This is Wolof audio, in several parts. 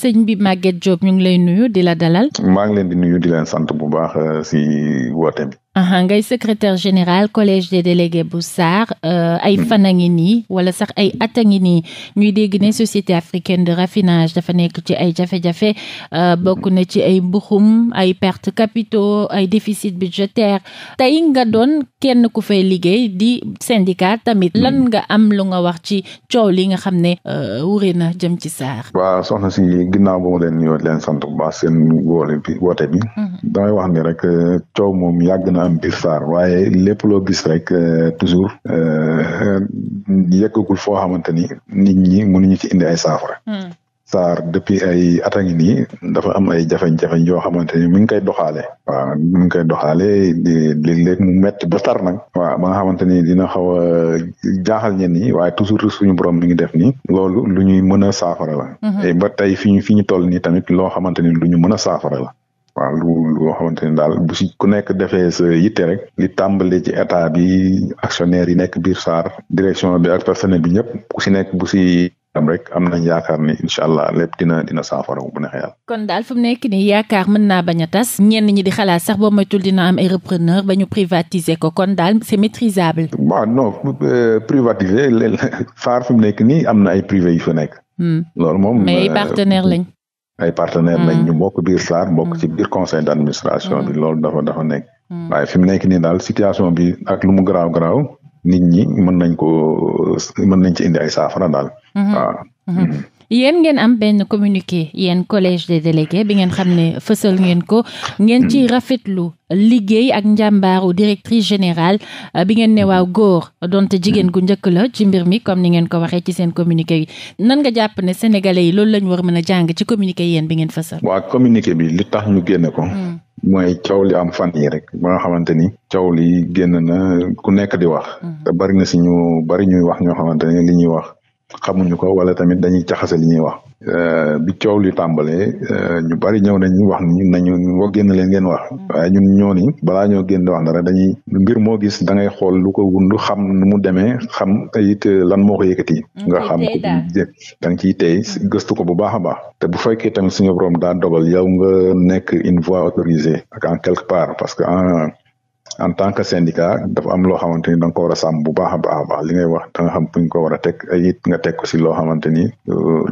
sëñ mbi Maguette Diop ñu ngi lay nuyu di la dalal. maa ngi leen di nuyu di leen sant bu baax euh, si woote bi. ngay secretaire général collège des délégués bu SAR euh, ay fan a ngi nii wala sax ay at a ngi nii ñuy dégg ne société africaine de raffinage dafa nekk ci ay jafe-jafe euh, bokk na ci ay mbuxum ay pertes capitaux ay déficit budgétaire tey nga doon kenn ku fay liggéey di syndicat tamit lan nga am lu nga wax ci coow li nga xam ne euh, wuri na jëm ci SAR. waaw soxna si ginnaaw boobu leen nuyoo leen sant bu seen woote bi. Mm-hmm. damay wax ni rek euh, coow moom yàgg na am saar waaye lépp loo gis rek euh, toujours euh, yëggagul foo xamante ni nit ñi mënuñu ci indi ay saafara. Hmm. saar depuis ay at a dafa am ay jafe-jafe yoo xamante ni mi ngi koy doxaale waaw mi ngi koy doxaale di léeg mu metti ba tar nag waaw ba nga xamante ni dina xaw a jaaxal ñenn ñi waaye toujours suñu borom mi ngi def nii loolu lu ñuy mën a saafara la hmm. ba tey fi ñu fi ñu toll nii tamit loo xamante ni lu ñu mën a saafara la waa lu loo xamante ni daal bu si ku nekk defee sa yitte rek li tàmbali ci état bi actionnaire yi nekk biir SAR direction bi ak personnel bi ñëpp ku si nekk bu si am na am nañ yaakaar ni incha allah lépp dina dina saafara bu neexee yàlla. kon daal nekk nii yaakaar mën naa bañ a tas ñenn ñi di xalaat sax boo moytul dina am ay repreneur ba ñu privatiser ko kon daal si maîtrisable. waaw non euh, privatiser SAR fi nekk nii am na ay privé yu fa nekk. Hmm. loolu moom mais euh, partenaire lañ. ay partenaire hmm. lañ ñu bokk biir SAR bokk ci hmm. biir conseil d' administration bi hmm. loolu dafa dafa nekk. waaye fi mu nekk nii daal situation bi ak lu mu garaaw garaaw nit ñi mën nañ ko mën nañ ci indi ay saafara daal waaw. yéen ngeen am benn communiqué yéen collège de délégués bi ngeen xam ne fësal ngeen ko ngeen ci rafetlu liggéey ak njàmbaaru directrice générale euh, bi ngeen ne waaw góor donte jigéen ku njëkk la ci mbir mi comme ni ngeen ko waxee ci seen communiqué yi nan nga jàpp ne sénégale yi loolu lañ war mën a jàng ci communiqué yéen bi ngeen fësal. waa communiqué bi li tax ñu génne ko. Hmm. mooy coow li am fan yi rek ba nga xamante ni coow li génn na ku nekk di wax. Hmm. te bari na wax ñoo xamante ni li ñuy wax. xamuñu ko wala tamit dañuy jaxase li ñuy wax euh, bi coow li tàmbalee euh, ñu bari ñëw nañ wax ni nañu wa génn leen ngeen wax waaye ñun ñoo ni balaa ñoo génn wax dara dañuy mbir moo gis da ngay xool lu ko wund xam nu mu demee xam it euh, lan moo ko yëkkati mm, nga xam ko da nga ciy tey gëstu ko bu baax a baax te bu fekkee tamit suñu borom daa dogal yow nga nekk une voix autorisée ak en quelque part parce que en en tant que syndicat dafa am loo xamante ni da nga a sàmm bu baax a baax li ngay wax da nga xam fu ko war a teg ay nga teg ko si loo xamante ni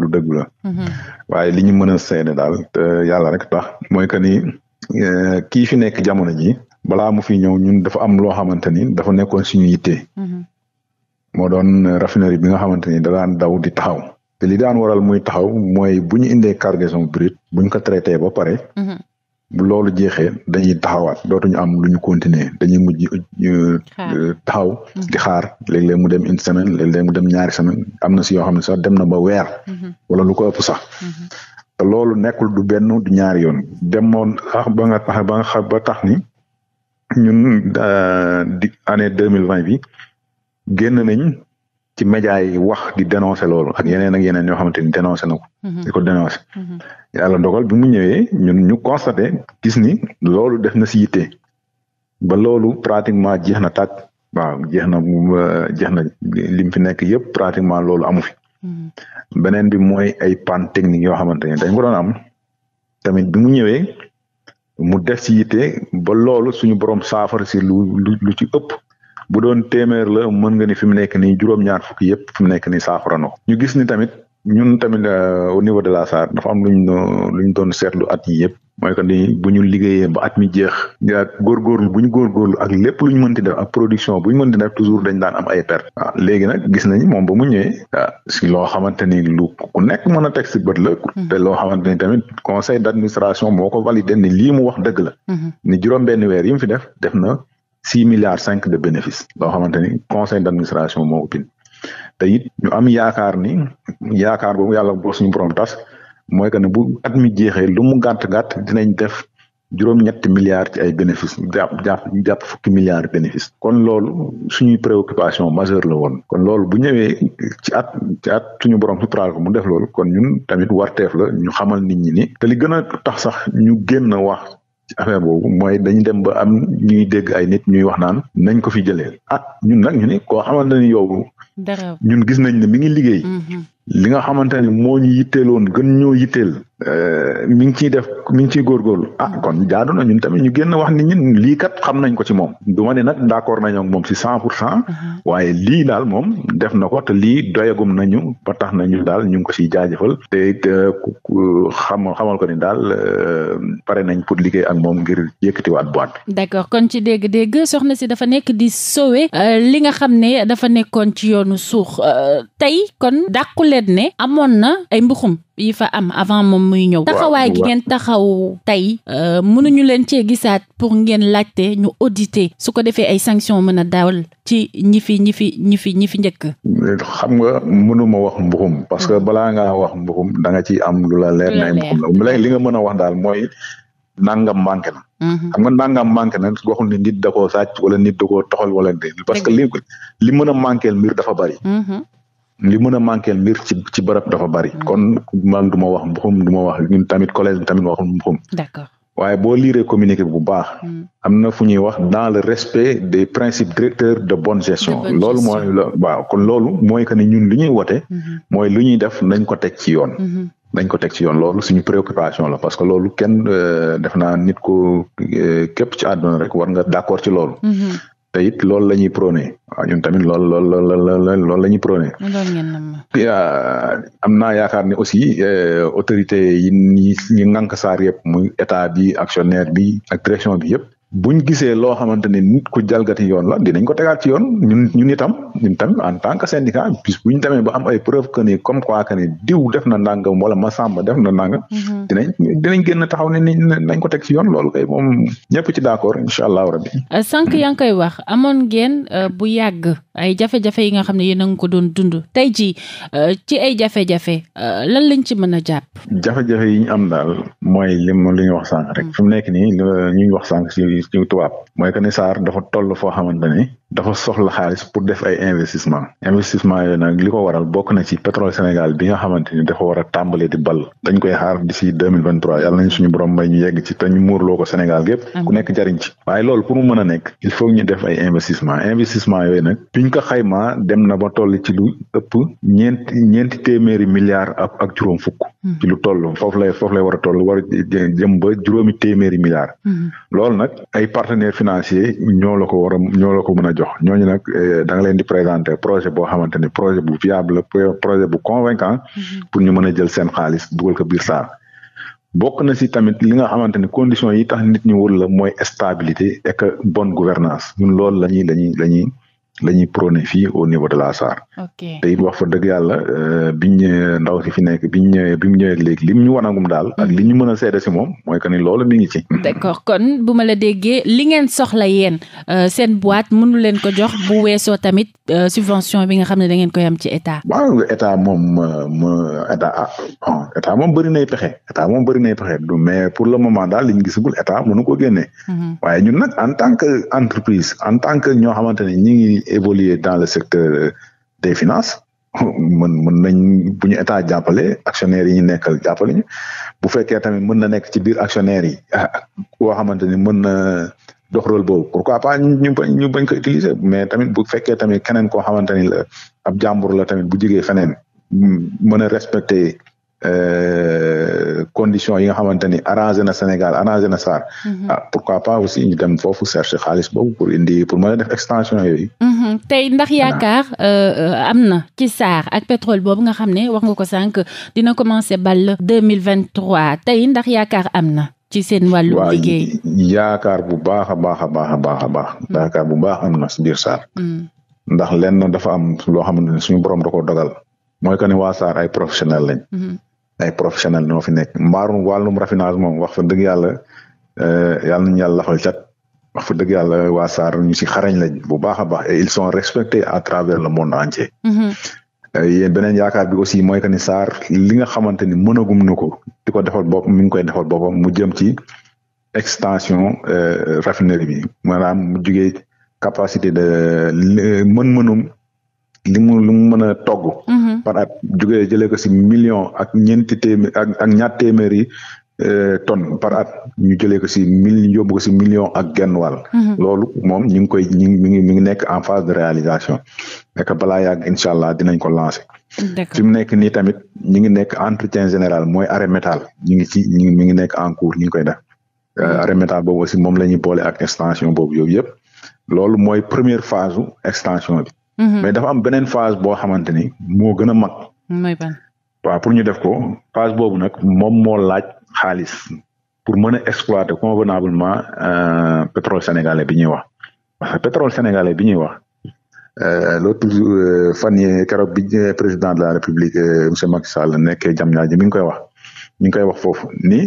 lu dëgg la. Mm-hmm. waaye li ñu mën a seede daal te yàlla rek tax mooy que ni eh, kii fi nekk jamono ñi balaa mu fi ñëw ñun dafa am loo xamante ni dafa nekkoon suñu yitte. Mm-hmm. moo doon raffinerie bi nga xamante ni da daan daw di taxaw. te li daan waral muy taxaw mooy bu ñu indee cargaison brute bu ñu ko traité ba pare. Mm-hmm. bu loolu jeexee dañuy taxawaat dootuñu am lu ñu continuer dañuy mujj euh, euh, taxaw mm-hmm. di xaar léeg-léeg mu dem une semaine léeg-léeg mu dem ñaari semaine am na si yoo xam ne sax dem na ba weer mm-hmm. wala lu ko ëpp sax mm-hmm. te loolu nekkul du benn du ñaari yoon dem sax ba nga tax ba ba tax ni ñun euh, di année deux mille vingt bi génn nañ ci média yi wax di dénoncer loolu ak yeneen ak yeneen yoo xamante ni dénoncer na ko. Mhm. di dénoncer. Mhm. yàlla dogal bi mu ñëwee ñun ñu constaté gis ni loolu def na si yitte ba loolu pratiquement jeex na tàkk waaw jeex na jeex na lim fi nekk yëpp pratiquement loolu amu fi. Mhm. beneen bi mooy ay panne technique yoo xamante ne dañ ko doon am tamit bi mu ñëwee mu def si ba loolu suñu borom saafara si lu lu lu ci ëpp. bu doon téeméer la mën nga ni fi mu nekk nii juróom-ñaar fukki yëpp fi mu nekk nii saafara ko ñu gis ni tamit ñun tamit euh, au niveau de la SAR dafa am luñ lu ñu doon seetlu at yi yëpp mooy que ni bu ñu liggéeyee ba at mi jeex nga góorgóorlu bu ñu góorgóorlu ak lépp lu ñu mënti def ak production bu ñu mënti def toujours dañ daan am ay perte waaw léegi nag gis nañu moom ba mu ñëwee ah, si loo xamante ni lu ku nekk mën a teg si bët la hmm. loo xamante ni tamit conseil d'administration moo ko validé ni lii mu wax dëgg la hmm. ni juróom benn weer yi mu fi def def na six milliards cinq de bénéfice loo xamante ni conseil d' administration moo ëppin te it ñu am yaakaar ni yaakaar boobu yàlla boo suñu borom tas mooy que ne bu at mi jeexee lu mu gàtt gàtt dinañ def juróom-ñetti milliards ci ay bénéfice jàpp jàpp jàpp fukki milliards bénéfice kon loolu suñuy préoccupation majeure la woon kon loolu bu ñëwee ci at ci at suñu borom suturaal mu def lool kon ñun tamit warteef la ñu xamal nit ñi ni te li gën a tax sax ñu génn wax affaire boobu mooy dañu dem ba am ñuy dégg ay nit ñuy wax naan nañ ko fi jëlee ah ñun nag ñu ne koo xamante ne yow ñun gis nañ ne mi ngi liggéey mm-hmm. li nga xamante ne moo ñu yitteeloon gën ñoo yitteel Euh, mi ngi ciy def mi ngi ci ciy góorgóorlu ah kon jaadu na ñun tamit ñu génn wax ni ñun lii kat xam nañ ko ci moom du ma ne nag d'accord nañoo ak moom si cent pour cent uh-huh. waaye lii daal moom def na ko te lii doyagum nañu ba tax nañu daal ñu ngi ko siy jaajëfal te it euh, xam xamal ko ne daal euh, pare nañ pour liggéey ak moom ngir yëkkatiwaat boîte bi. d'accord kon ci dégg-dégg soxna si dafa nekk di sowee li nga xam ne dafa nekkoon ci yoonu suux tey kon dàqu leen ne amoon na ay mbuxum yi fa am avant moom muy ñëw taxawaay gi ngeen taxaw tey euh, mënuñu leen cee gisaat pour ngeen laajte ñu auditer su ko defee ay sanctions mën a daawal ci ñi fi ñi fi ñi fi ñi fi njëkk xam nga mënuma wax mbuxum parce que mm. balaa nga wax mbuxum da nga ciy am lu la leer na mbuxum la li nga mën a wax daal mooy nangam manqué na mm-hmm. xam nga nangam manqué na waxul ni nit da koo sàcc wala nit da koo toxal wala parce que li mën a manqué mbir dafa bari mm-hmm. li mën a manqué mbir ci ci barab dafa bari mm. kon man du ma wax mbuxum du ma wax ñun tamit collège bi tamit waxul mbuxum d'accord waaye boo liiree communiqué bu baax mm. am na fu ñuy wax dans le respect des principes directeurs de bonne gestion loolu mooy waaw kon loolu mooy que ni ñun li ñuy wote mm-hmm. mooy lu ñuy def nañ ko teg ci yoon mm-hmm. nañ ko teg ci yoon loolu suñu préoccupation la parce que loolu kenn euh, def naa nit ko euh, képp ci àdduna rek war nga d'accord ci lool mm-hmm. te it loolu la ñuy prôné waaw ñun tamit lool lool loolu loolu la ñuy prôné. am naa yaakaar ne aussi euh, autorité yi ñi ñi ŋànk saar yëpp muy état bi actionnaire bi ak direction bi yëpp. buñ gisee loo xamante ni nit ku jalgati yoon la dinañ ko tegaat ci yoon ñun ñun itam ñun tam en tant que syndicat bis buñ demee ba am ay preuve que ni comme quoi que ni diw def na ndàngam wala Masamba def na ndàngam. Mhm. dinañ dinañ génn taxaw ne nañ ko teg ci yoon lool kay moom ñëpp ci d'accord incha allahu rabbi. Euh, sànq yaa ngi koy wax amoon ngeen euh, bu yàgg. ay jafe-jafe yi nga xam ne yéen a ngi ko doon dund tey jii euh, ci ay jafe-jafe euh, lan lañ ci mën a jàpp. jafe yi ñu am daal mooy lim li ñu wax sànq rek mm. fi mu nekk nii li ñu wax sànq si ci tubaab mooy que ni SAR dafa toll foo xamante ni. dafa soxla xaalis pour def ay investissement investissement yooyu nag li ko waral bokk na ci pétrole Sénégal bi nga xamante ni dafa war a tàmbalee di ball dañ koy xaar d'ici si mille vingt trois yàlla nañ suñu borom may ñu yegg ci te ñu muurloo ko Sénégal gépp ku nekk jariñ ci waaye loolu pour mu mën a nekk il faut ñu def ay investissement investissement yooyu nag biñ ko xaymaa dem na ba toll ci lu ëpp ñeenti ñeenti téeméeri milliards ak ak juróom fukk. Hmm. ci lu toll foofu lay foofu lay war a toll war jëm ba juróomi téeméeri milliards. Hmm. loolu nag ay partenaires financiers ñoo la ko war a ñoo la ko mën a jox ñooñu nag eh, da nga leen di présenter projet boo xamante ne projet bu viable projet bu convaincant. Hmm. pour ñu mën a jël seen xaalis dugal ko biir SAR. bokk na ci tamit li nga xamante ne conditions yi tax nit ñi wër la mooy stabilité et que bonne gouvernance ñun loolu la ñuy la la ñuy la ñuy prôné fii au niveau de la SAR. te it wax fa yàlla euh, biñ ñëwee ndaw si fi nekk biñ ñëwee bi mu ñëwee léegi lim ñu wanagum daal. ak mm-hmm. li ñu mën a seede si moom mooy que ni loolu mi ngi ci. d'accord kon bu ma la déggee li ngeen soxla yéen euh, seen boîte mënu leen ko jox bu weesoo tamit euh, suvention bi nga xam ne da ngeen koy ci état. waaw moom état ah bon état moom bëri nay pexe état moom bëri nay pexe du mais pour le moment daal liñ gisagul état mënu ko génne. Mm-hmm. waaye ñun nag en tant que entreprise en tant que ñoo évoluer dans le secteur euh, des finances mën mën nañ bu ñu état jàppale actionnaires yi ñu nekkal jàppale ñu bu fekkee tamit mën na nekk ci biir actionnaires yi ah, koo xamante ni mën na dox rôle boobu pourquoi pas ñu ñu bañ ko utiliser mais tamit bu fekkee tamit keneen koo xamante ni la ab jàmbur la tamit bu jigee feneen mën a respecter Euh, condition yi nga xamante ni arrangé na Sénégal arrangé na saar SAR mhm. ah pourquoi pas aussi ñu dem foofu chercher xaalis boobu pour indi pour mën a def extension yooyu mhm. tey ndax yaakaar euh, am na ci SAR ak pétrole boobu nga xam ne wax nga ko sànq dina commencé bal deux mille vingt trois tey ndax yaakaar am na ci seen wàllu liggéey yaakaar bu baax a baax a baax a baax a baax mhm. yaakaar bu baax am na si biir SAR ndax lenn dafa am loo xamante ne suñu borom da ko dogal mooy que ne waa SAR ay professionnel lañ ay professionnel ñoo fi nekk mbaarum wàllum raffinage moom wax fa dëgg yàlla eh, yàlla nañu yàlla lafal cat wax fa dëgg yàlla wa SAR ñu si xarañ lañ bu baax a baax et ils sont respectés à travers le monde entier. Mm-hmm. Eh, yéen beneen yaakaar bi aussi mooy que ni SAR li nga xamante ni mënagum na ko di ko defal mi ngi koy defal boppam mu jëm ci extension eh, raffinerie bi maanaam mu jugee capacité de mën-mënum. li mu li mën a togg mhm. par at jógee jëlee ko si million ak ñeenti téeméer ak ak ñaar téeméer yi euh, tonne par at ñu jëlee ko si mil yóbbu ko si million ak genn wàll mhm. loolu moom ñu ngi koy ñu ngi mi ngi mi ngi nekk en phase de réalisation nekk balaa yàgg incha allah dinañ ko lancer fi mu nekk nii tamit ñu ngi nekk entretien général mooy arrêt métal ñu ngi ci ñu mi ngi nekk en cours ñu ngi koy def euh, mhm. arrêt métal boobu aussi moom la ñuy boole ak extension boobu yooyu yëpp loolu mooy première phase extension bi Mm-hmm. mais dafa am beneen phase boo xamante ni moo gën a mag. waaw pour ñu def ko phase boobu nag moom moo laaj xaalis pour mën a exploiter convenablement euh, pétrole sénégalais bi ñuy wax parce que pétrole sénégalais bi ñuy wax. Euh, l'autre euh, fan yi keroog bi président de la république monsieur Macky Sall nekkee Diamniadio mi ngi koy wax mi ngi koy wax foofu ni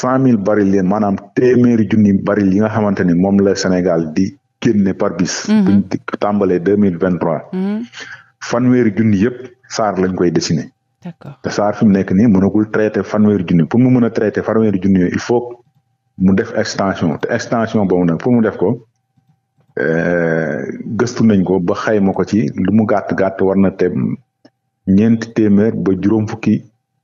cent mille baril leen maanaam téeméeri junni baril yi nga xamante ni moom la Sénégal di génne par bis. Mhm. buñ tàmbalee deux mille vingt trois. Mhm. fanweeri junni yëpp SAR lañ koy dessiner. d'accord te SAR fi mu nekk nii mënagul traiter fanweeri junni pour mu mën a traiter fanweeri junni yooyu mu def extension te extension boobu nag pour mu def ko. Euh, gëstu nañ ko ba xayma ko ci lu mu gàtt gàtt war na tem ñeenti téeméer ba juróom fukki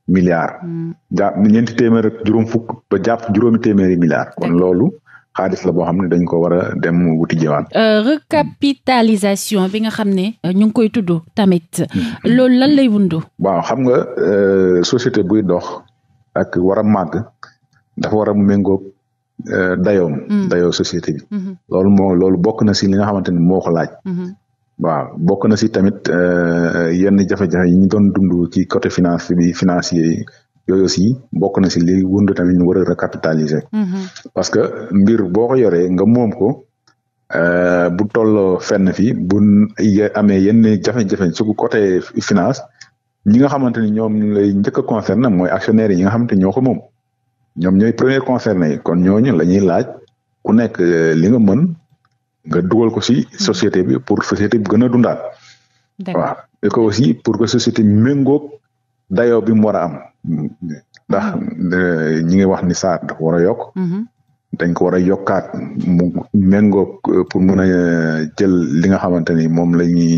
milliards. Mhm. jàpp ñeenti téeméer ak juróom fukk ba jàpp juróomi téeméeri milliards. kon loolu xaalis la boo xam ne dañ ko war a dem wuti jiwaat. Euh, recapitalisation bi nga xam ne. Euh, ñu koy tudd tamit. Mm-hmm. loolu lan lay wundu. wa xam nga euh, société buy dox ak war a màgg dafa war a méngóog dayoom. Mm-hmm. dayoo société bi. Mm-hmm. loolu moo bokk na si li nga xamante ni moo ko laaj. waaw bokk na si tamit yenn jafe-jafe yi ñu doon dund ci côté finance bi financier yooyu aussi bokk na si li wund tamit ñu war a recapitaliser. Mhm. parce que mbir boo ko yoree nga moom ko euh, bu tolloo fenn fi bu amee yenn jafe-jafe su côté finance ñi nga xamante ni ñoom ñu lay njëkk a concerné mooy actionnaire yi nga xamante ni ñoo moom ñoom ñooy premier concerné yi kon ñooñu la ñuy laaj ku nekk euh, li nga mën nga dugal ko si société bi pour société bi gën a dundaat. waaw aussi pour que société méngoog dayoo bi mu war a am. ndax ñi ngi wax ni saar dafa war yokk mm-hmm. dañ ko war a yokkaat mu méngoog euh, pour mun euh, jël li nga xamante ni moom la ñuy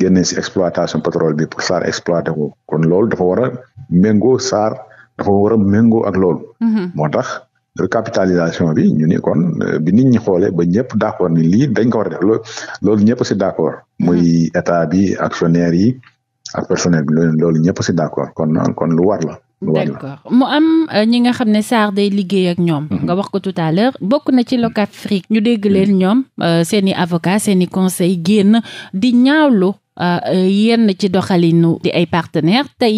génne si exploitation pétrole bi pour saar exploité ko kon lool dafa war a méngoo saar dafa war a méngoo ak lool mm-hmm. moo tax recapitalisation bi ñu ni kon euh, bi nit ñi xoolee ba ñëpp d'accord ni lii dañ ko war a def loolu loolu o si d'accord mm-hmm. muy état bi actionnaire yi ak personnel loolu ñëpp si d' accord kon kon lu war la. lu war mu am euh, ñi nga xam ne SAR day liggéey ak ñoom. Mhm. nga wax ko tout à l'heure bokk na ci locate Locafrique ñu dégg mhm. leen ñoom euh, seeni i avocat seen i conseil génn di ñaawlu euh, yenn ci doxalinu di ay partenaire tey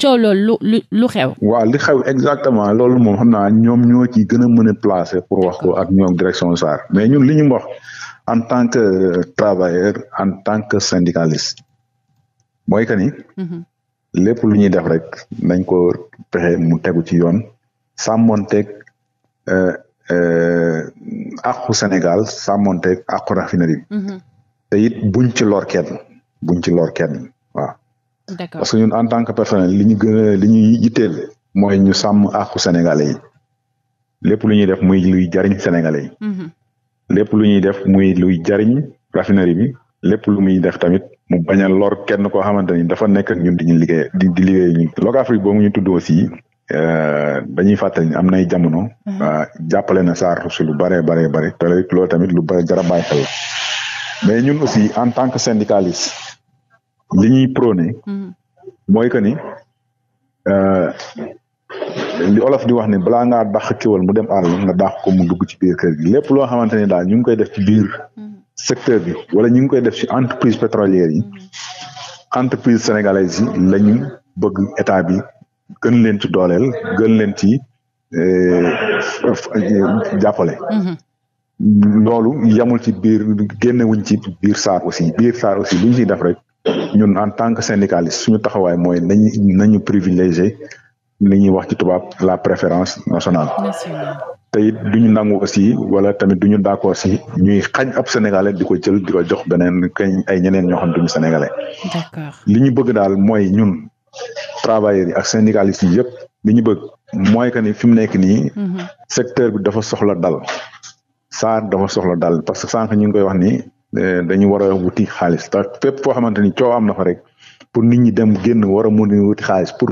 coow loolu lu lu xew. waaw li xew exactement loolu moom xam naa ñoom ñoo ci gën a mën a placé pour wax ko ak ñoom direction SAR mais ñun li ñu wax en tant que travailleur en tant que syndicaliste. mooy que ni. Mhm. lépp lu ñuy def rek nañ ko pexe mu tegu ci yoon teg euh, euh, àqu Sénégal sàmmonteeg àqu raffinerie bi. Mhm. te it buñ ci lor kenn buñ ci lor kenn waaw. d'accord parce que ñun en tant que personnel li ñu gën li ñuy yitteel mooy ñu sàmm àqu sénégalais yi lu ñuy def muy luy jariñ sénégalais yi. Mhm. lépp lu ñuy def muy luy jariñ raffinerie bi lu muy def tamit. mu bañ a lor kenn koo xamante ni dafa nekk ak ñun di ñu liggéey di di liggéey ñun. Locafrique boobu ñu tudd aussi euh, dañuy fàttali am nay jamono. Mhm. Euh, jàppale na SAR si lu baree baree bare te tamit lu bare jar a bàyyi xel la mais ñun aussi en tant que syndicaliste li ñuy prôné. Mhm. mooy que ni. Euh, li olof di wax ne balaa ngaa dàq kéwal mu dem àll nga dàq ko mu dugg ci biir kër gi lépp loo xamante ne daal ñu ngi koy def ci biir mhm. secteur bi wala ñu ngi koy def ci entreprise pétrolière yi entreprise sénégalaise yi la bëgg état bi gën leen ci dooleel gën leen ci euh, jàppale. Mm-hmm. loolu yamul ci biir génnewuñ ci biir SAR aussi biir SAR aussi lu ñu ciy def rek ñun en tant que syndicaliste suñu taxawaay mooy nañu nañu privilégié li ñuy wax ci tubaab la préférence nationale. te it du ñu nangu aussi wala tamit du ñu d'accord si ñuy xañ ab sénégalais di ko jël di ko jox beneen kañ ay ñeneen ñoo xam li ñu bëgg daal mooy ñun travailleurs yi ak syndicalistes yi yëpp li ñu bëgg mooy que ni fi mu nekk ni mhm. secteur bi dafa soxla dal. saa dafa soxla dal parce que sànq ñu ngi koy wax ni eh, dañu war a wuti xaalis te fépp foo xamante ni coow am na fa rek pour nit ñi dem génn war a mun wuti xaalis pour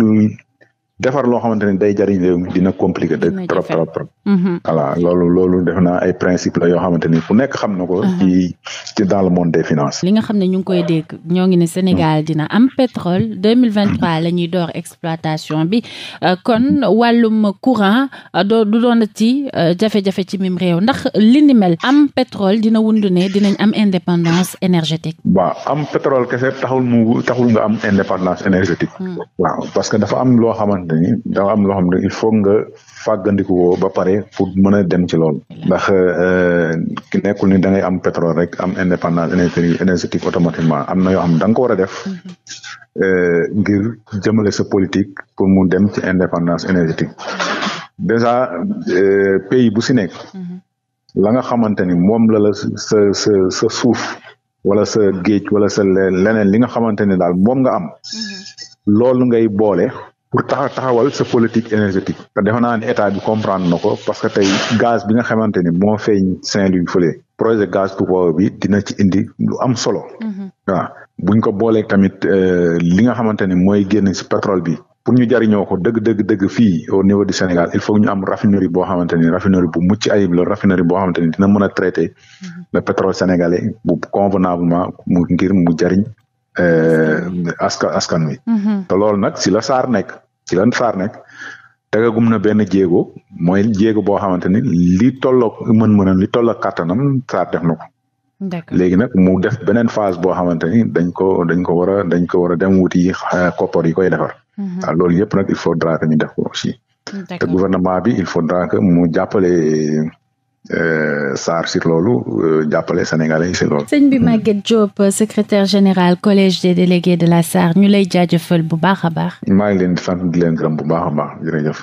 defar loo xamante ni day jariñ réew mi dina compliqué de trop trop trop mhm. voilà loolu loolu def naa ay principe la yoo xamante ni nekk xam na ko mhm. ci dans le monde des finances li nga xam ne ñu ngi koy dégg ñoo ngi ne Sénégal mhm. dina am pétrole deux mille vingt trois la ñuy door exploitation bi euh, kon wàllum courant euh, doo du doon ci euh, jafe-jafe ci mim réew ndax li ni mel am pétrole dina wund ne dinañ am indépendance énergétique waaw am pétrole kese taxul mu taxul nga am indépendance énergétique hmm. waaw parce que dafa am loo xamante xamante ni am loo xam ne il faut nga fàggandiku woo ba pare pour mën a dem ci lool ndax euh, ki nekkul ni da ngay am pétrole rek am indépendance énergétique automatiquement am na yoo xam ne da nga a def mm-hmm. euh, ngir jëmale sa politique pour mu dem ci indépendance énergétique déjà euh, pays bu si nekk mm-hmm. la nga xamante ni moom la la sa sa sa suuf wala sa géej wala sa leneen li nga xamante ni daal moom nga am mm-hmm. loolu ngay boole pour taxa taxawal sa politique énergétique te defe na ne état bi comprendre na ko parce que tey gaz bi nga xamante ni moo feeñ Saint-Louis fële projet gaz to power dina ci indi lu am solo mhm. waaw buñ ko boolee tamit euh, li nga xamante ni mooy génn si pétrole bi pour ñu jariñoo ko dëgg dëgg dëgg fii au niveau du Sénégal il faut ñu am raffinerie boo xamante ni raffinerie bu mucc ayib la raffinerie boo xamante ni dina mën a traiter mhm. le pétrole sénégalais bu convenablement mu ngir mu jariñ euh, askan askan wi mhm. te loolu nag si la SAR nekk ci lan faar nekk tegagum na benn jéego mooy jéego boo xamante ni li tollook mën-mënam li tollook kàttanam saar def na ko. léegi nag mu def beneen phase boo xamante ni dañ ko dañ ko war a dañ war a dem wuti euh, koppar yi koy defar. Mhm. waaw loolu yëpp nag il faudra que ñu def ko aussi. te gouvernement bi il faudra que mu jàppale Euh, saar si loolu euh, jàppale sénégalais yi si loolu. sëñ bi Maguette Diop secrétaire général collège des délégués de la SAR ñu lay jaajëfal bu baax a baax. maa ngi leen di sant di gërëm bu baax a baax jërëjëf.